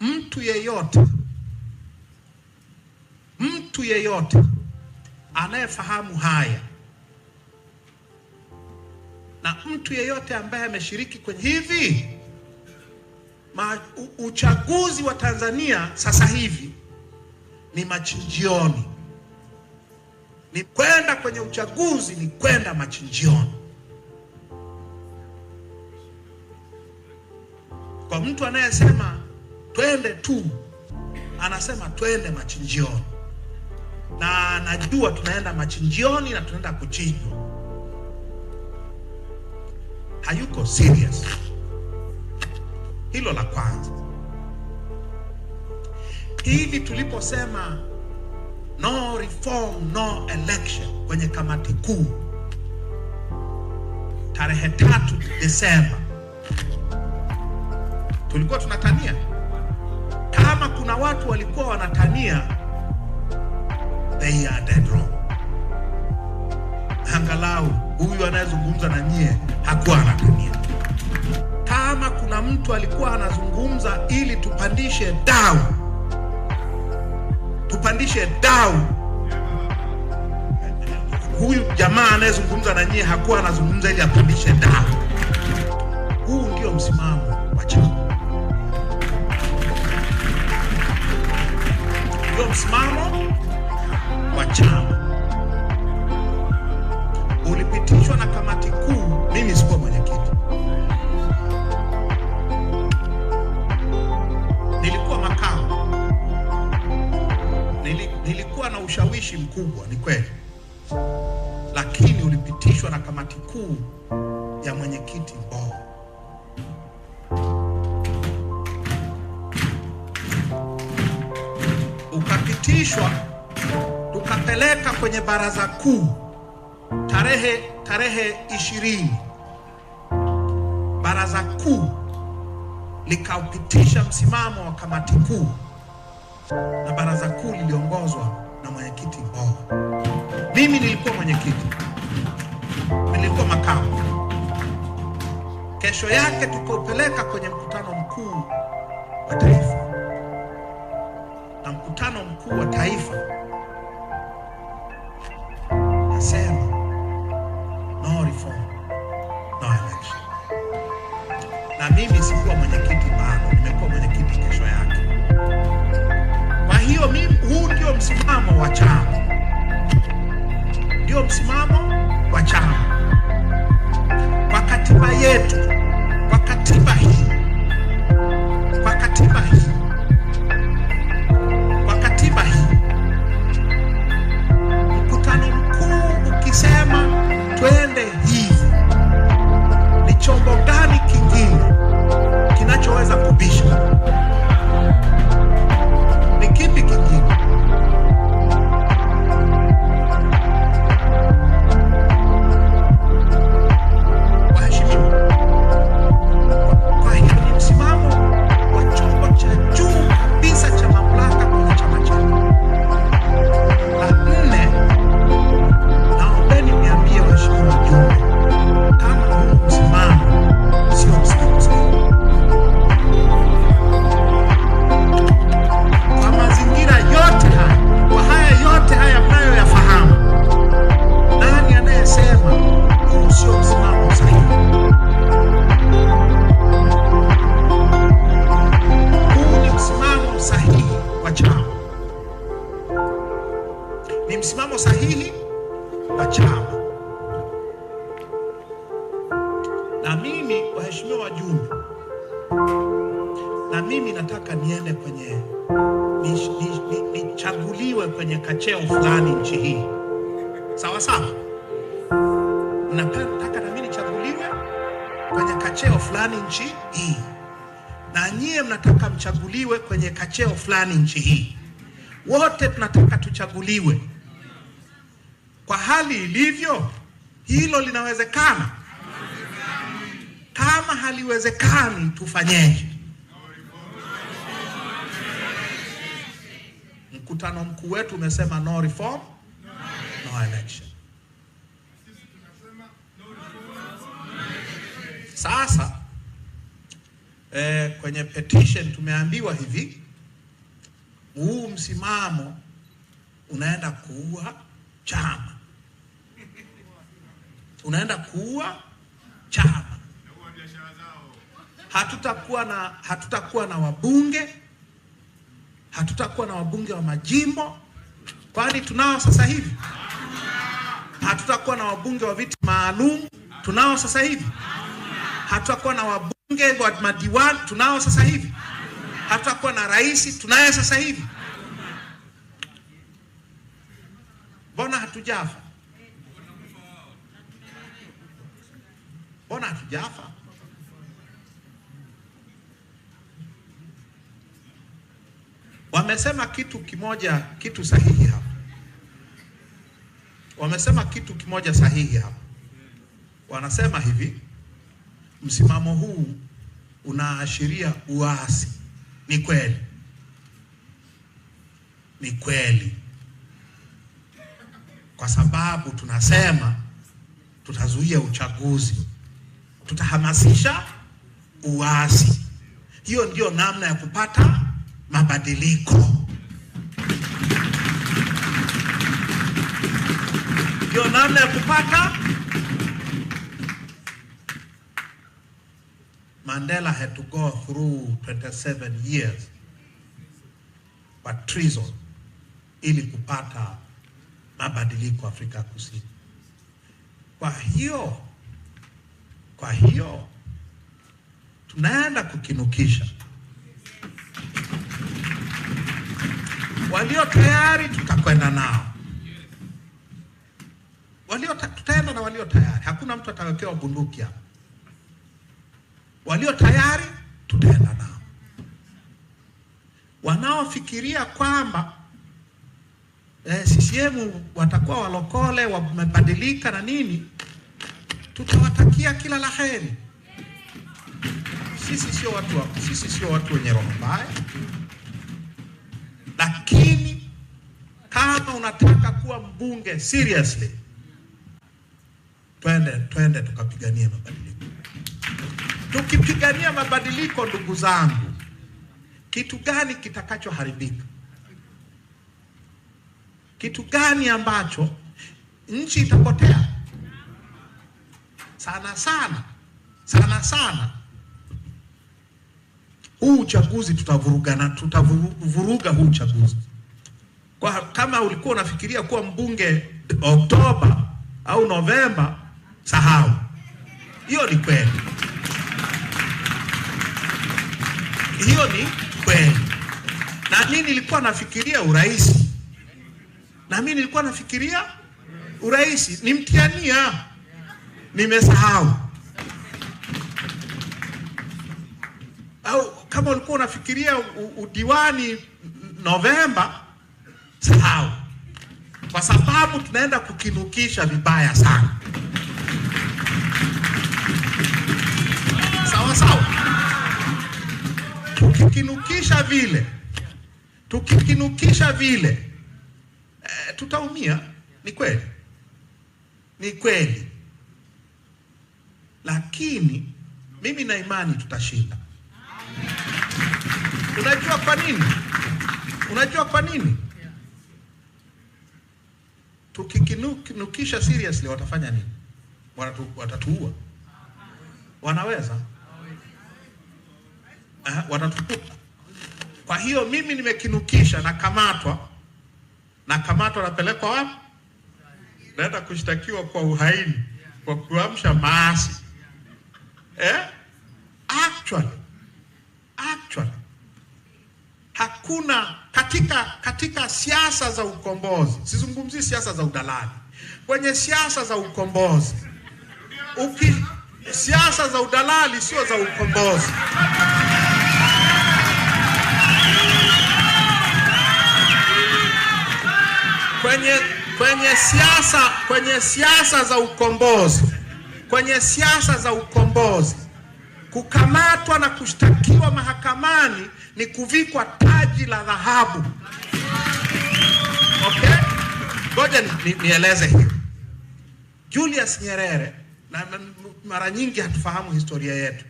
mtu yeyote mtu yeyote anayefahamu haya na mtu yeyote ambaye ameshiriki kwenye hivi ma, u, uchaguzi wa Tanzania sasa hivi ni machinjioni, ni kwenda kwenye uchaguzi, ni kwenda machinjioni. Kwa mtu anayesema twende tu, anasema twende machinjioni, na najua tunaenda machinjioni na tunaenda kuchinjwa. Hayuko serious. Hilo la kwanza. Hivi tuliposema no reform no election kwenye kamati kuu tarehe tatu Desemba tulikuwa tunatania kuna watu walikuwa wanatania they are dead wrong. Angalau huyu anayezungumza na nyie hakuwa anatania. Kama kuna mtu alikuwa anazungumza ili tupandishe dau, tupandishe dau, huyu jamaa anayezungumza na nyie hakuwa anazungumza ili apandishe dau. Huu ndio msimamo tukaidhinishwa tukapeleka kwenye baraza kuu tarehe tarehe ishirini, baraza kuu likaupitisha msimamo wa kamati kuu, na baraza kuu liliongozwa na mwenyekiti Mbowe. Mimi nilikuwa mwenyekiti, nilikuwa makamu. Kesho yake tukaupeleka kwenye mkutano mkuu wa taifa na mkutano mkuu wa taifa, nasema no reform no election. Na mimi sikuwa mwenyekiti bado, nimekuwa mwenyekiti kesho yake. Kwa hiyo mimi, huu ndio msimamo wa chama, ndio msimamo wa chama kwa katiba yetu. kwenye kacheo fulani nchi hii, na nyie mnataka mchaguliwe kwenye kacheo fulani nchi hii. Wote tunataka tuchaguliwe. Kwa hali ilivyo, hilo linawezekana? Kama haliwezekani, tufanyeje? Mkutano mkuu wetu umesema no reform no election. Sasa eh, kwenye petition tumeambiwa hivi, huu msimamo unaenda kuua chama, unaenda kuua chama. Hatutakuwa na hatutakuwa na wabunge, hatutakuwa na wabunge wa majimbo, kwani tunao sasa hivi. Hatutakuwa na wabunge wa viti maalum, tunao sasa hivi. Hatutakuwa na wabunge wa madiwani tunao sasa hivi, hatutakuwa na rais tunaye sasa hivi. Mbona hatujafa? Mbona hatujafa? Wamesema kitu kimoja, kitu sahihi hapa. Wamesema kitu kimoja sahihi hapa, wanasema hivi Msimamo huu unaashiria uasi. Ni kweli, ni kweli, kwa sababu tunasema tutazuia uchaguzi, tutahamasisha uasi. Hiyo ndiyo namna ya kupata mabadiliko, ndio namna ya kupata Mandela had to go through 27 years wa treason ili kupata mabadiliko Afrika Kusini. Kwa hiyo kwa hiyo tunaenda kukinukisha walio tayari, tutakwenda nao walio, tutaenda na walio tayari. Hakuna mtu atawekewa bunduki hapa. Walio tayari tutaenda nao, wanaofikiria kwamba eh, CCM watakuwa walokole wamebadilika na nini, tutawatakia kila la heri. Sisi sio watu wa, sisi sio watu wenye roho mbaya, lakini kama unataka kuwa mbunge seriously, twende twende tukapiganie mabadiliko. Tukipigania mabadiliko, ndugu zangu, kitu gani kitakachoharibika? Kitu gani ambacho nchi itapotea? Sana sana sana sana, huu uchaguzi tutavurugana, tutavuruga huu uchaguzi kwa, kama ulikuwa unafikiria kuwa mbunge Oktoba au Novemba, sahau hiyo, ni kweli hiyo ni kweli, na mimi nilikuwa nafikiria urahisi na mimi nilikuwa nafikiria urahisi nimtiania, nimesahau. Au kama ulikuwa unafikiria udiwani Novemba, sahau, kwa sababu tunaenda kukinukisha vibaya sana. Sawa sawa tukikinukisha vile tukikinukisha vile e, tutaumia. Ni kweli, ni kweli, lakini mimi na imani tutashinda. Unajua kwa nini? Unajua kwa nini? Tukikinukisha seriously, watafanya nini? Watatuua, wanaweza wanatukuta. Kwa hiyo mimi nimekinukisha, nakamatwa, nakamatwa, napelekwa wapi? Naenda kushtakiwa kwa uhaini, kwa kuamsha maasi eh? Actually, actually hakuna katika katika siasa za ukombozi, sizungumzii siasa za udalali. Kwenye siasa za ukombozi uki, siasa za udalali sio za ukombozi. kwenye, kwenye siasa kwenye siasa za ukombozi kwenye siasa za ukombozi kukamatwa na kushtakiwa mahakamani ni kuvikwa taji la dhahabu. Okay, ngoja nieleze ni, ni hivi. Julius Nyerere, na mara nyingi hatufahamu historia yetu.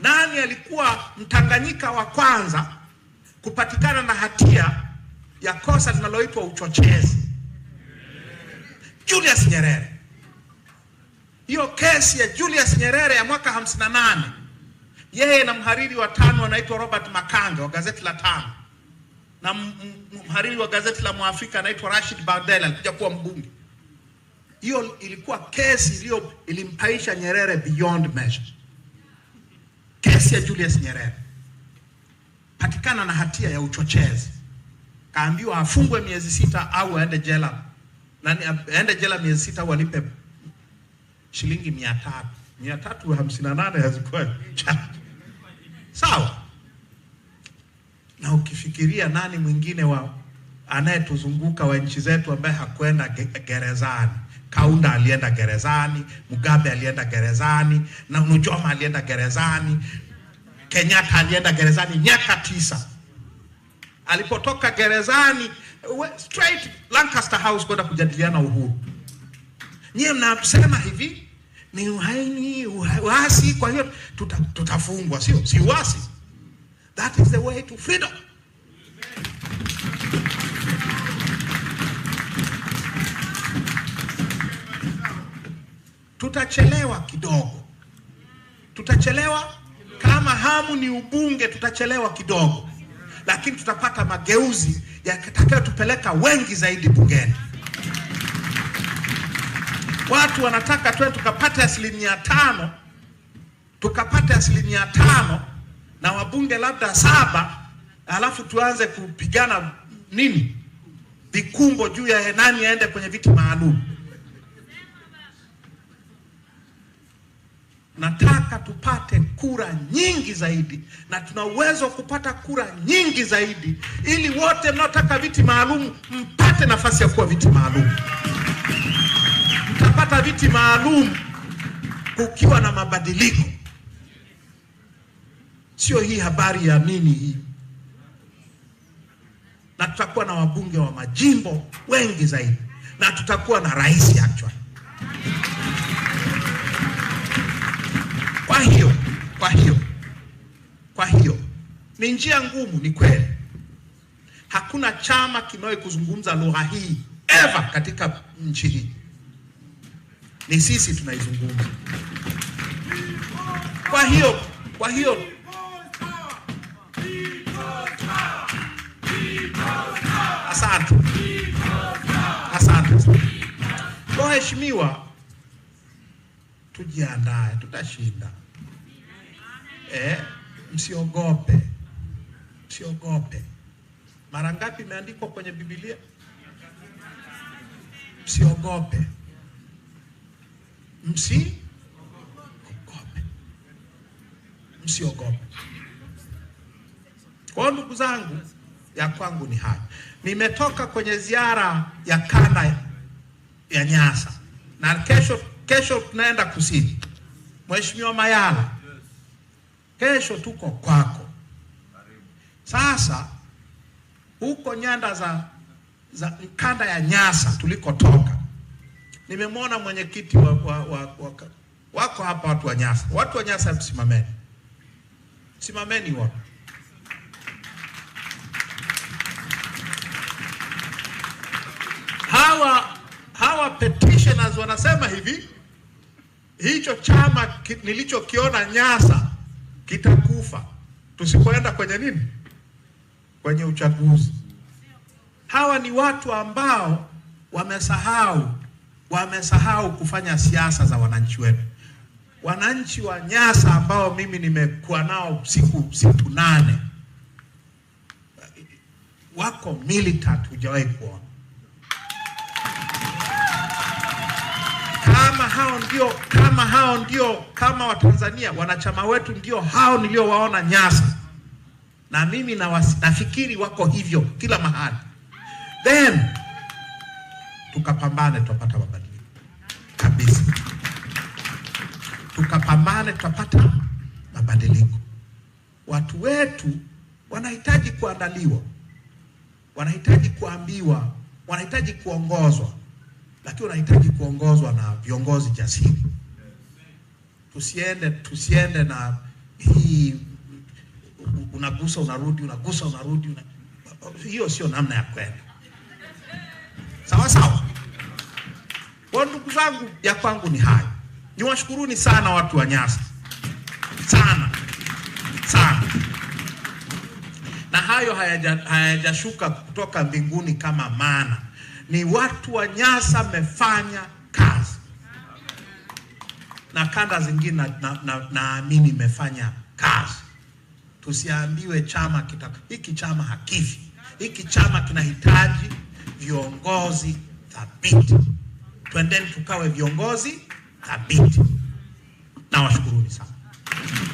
Nani alikuwa Mtanganyika wa kwanza kupatikana na hatia ya kosa linaloitwa uchochezi? Julius Nyerere. Hiyo kesi ya Julius Nyerere ya mwaka 58 yeye na mhariri wa tano anaitwa Robert Makange wa gazeti la tano na mhariri wa gazeti la Mwafrika anaitwa Rashid Bardel alikuja kuwa mbunge. Hiyo ilikuwa kesi iliyo ilimpaisha Nyerere beyond measure. Kesi ya Julius Nyerere, patikana na hatia ya uchochezi, kaambiwa afungwe miezi sita au aende jela nani aende jela miezi sita au alipe shilingi mia tatu mia tatu hamsini na nane hazikuwa sawa. Na ukifikiria nani mwingine wa anayetuzunguka wa nchi zetu ambaye hakwenda gerezani? Kaunda alienda gerezani, Mugabe alienda gerezani, na Nujoma alienda gerezani, Kenyatta alienda gerezani miaka tisa alipotoka gerezani straight Lancaster House kwenda kujadiliana uhuru. Nyie mnasema hivi ni uhaini uasi, kwa hiyo tuta, tutafungwa. Sio, si uasi. That is the way to freedom. Tutachelewa kidogo, tutachelewa. Kama hamu ni ubunge, tutachelewa kidogo lakini tutapata mageuzi yatakayotupeleka wengi zaidi bungeni. Watu wanataka tuwe tukapate asilimia tano, tukapate asilimia tano na wabunge labda saba, alafu tuanze kupigana nini, vikumbo juu ya nani aende kwenye viti maalum. Nataka tupate kura nyingi zaidi, na tuna uwezo wa kupata kura nyingi zaidi, ili wote mnaotaka viti maalum mpate nafasi ya kuwa viti maalum. Mtapata viti maalum kukiwa na mabadiliko, sio hii habari ya nini hii. Na tutakuwa na wabunge wa majimbo wengi zaidi, na tutakuwa na rais actually Ni njia ngumu, ni kweli. Hakuna chama kimewahi kuzungumza lugha hii ever katika nchi hii, ni sisi tunaizungumza. Kwa hiyo kwa hiyo asante, asante kwa heshimiwa, tujiandae, tutashinda eh, msiogope. Msiogope. Mara ngapi imeandikwa kwenye Biblia? Msiogope, msiogope, msiogope. Kwa ndugu zangu, ya kwangu ni haya. Nimetoka kwenye ziara ya kanda ya Nyasa na kesho, kesho tunaenda kusini. Mheshimiwa Mayala, kesho tuko kwako. Sasa huko nyanda za, za kanda ya Nyasa tulikotoka, nimemwona mwenyekiti wa, wa, wa, wa, wako hapa watu wa Nyasa, watu wa Nyasa msimameni, simameni wote. Hawa, hawa petitioners wanasema hivi, hicho chama nilichokiona Nyasa kitakufa tusipoenda kwenye nini kwenye uchaguzi. Hawa ni watu ambao wamesahau, wamesahau kufanya siasa za wananchi wetu, wananchi wa Nyasa ambao mimi nimekuwa nao siku siku nane, wako militant, hujawahi kuona kama hao ndio, kama hao ndio, kama Watanzania wanachama wetu ndio hao niliowaona Nyasa na mimi nafikiri wako hivyo kila mahali, then tukapambane, tupata mabadiliko kabisa. Tukapambane, tupata mabadiliko. Watu wetu wanahitaji kuandaliwa, wanahitaji kuambiwa, wanahitaji kuongozwa, lakini wanahitaji kuongozwa na viongozi jasiri. Tusiende, tusiende na hii unagusa unarudi, unagusa unarudi una... hiyo sio namna ya kwenda sawa sawa. Kwa ndugu zangu, ya kwangu ni hayo. Niwashukuruni sana watu wa Nyasa sana sana, na hayo hayajashuka haya kutoka mbinguni kama maana, ni watu wa Nyasa mefanya kazi na kanda zingine naamini na, na, na mefanya kazi. Tusiambiwe chama kita, hiki chama hakifi. Hiki chama kinahitaji viongozi thabiti. Twendeni tukawe viongozi thabiti. Nawashukuruni sana.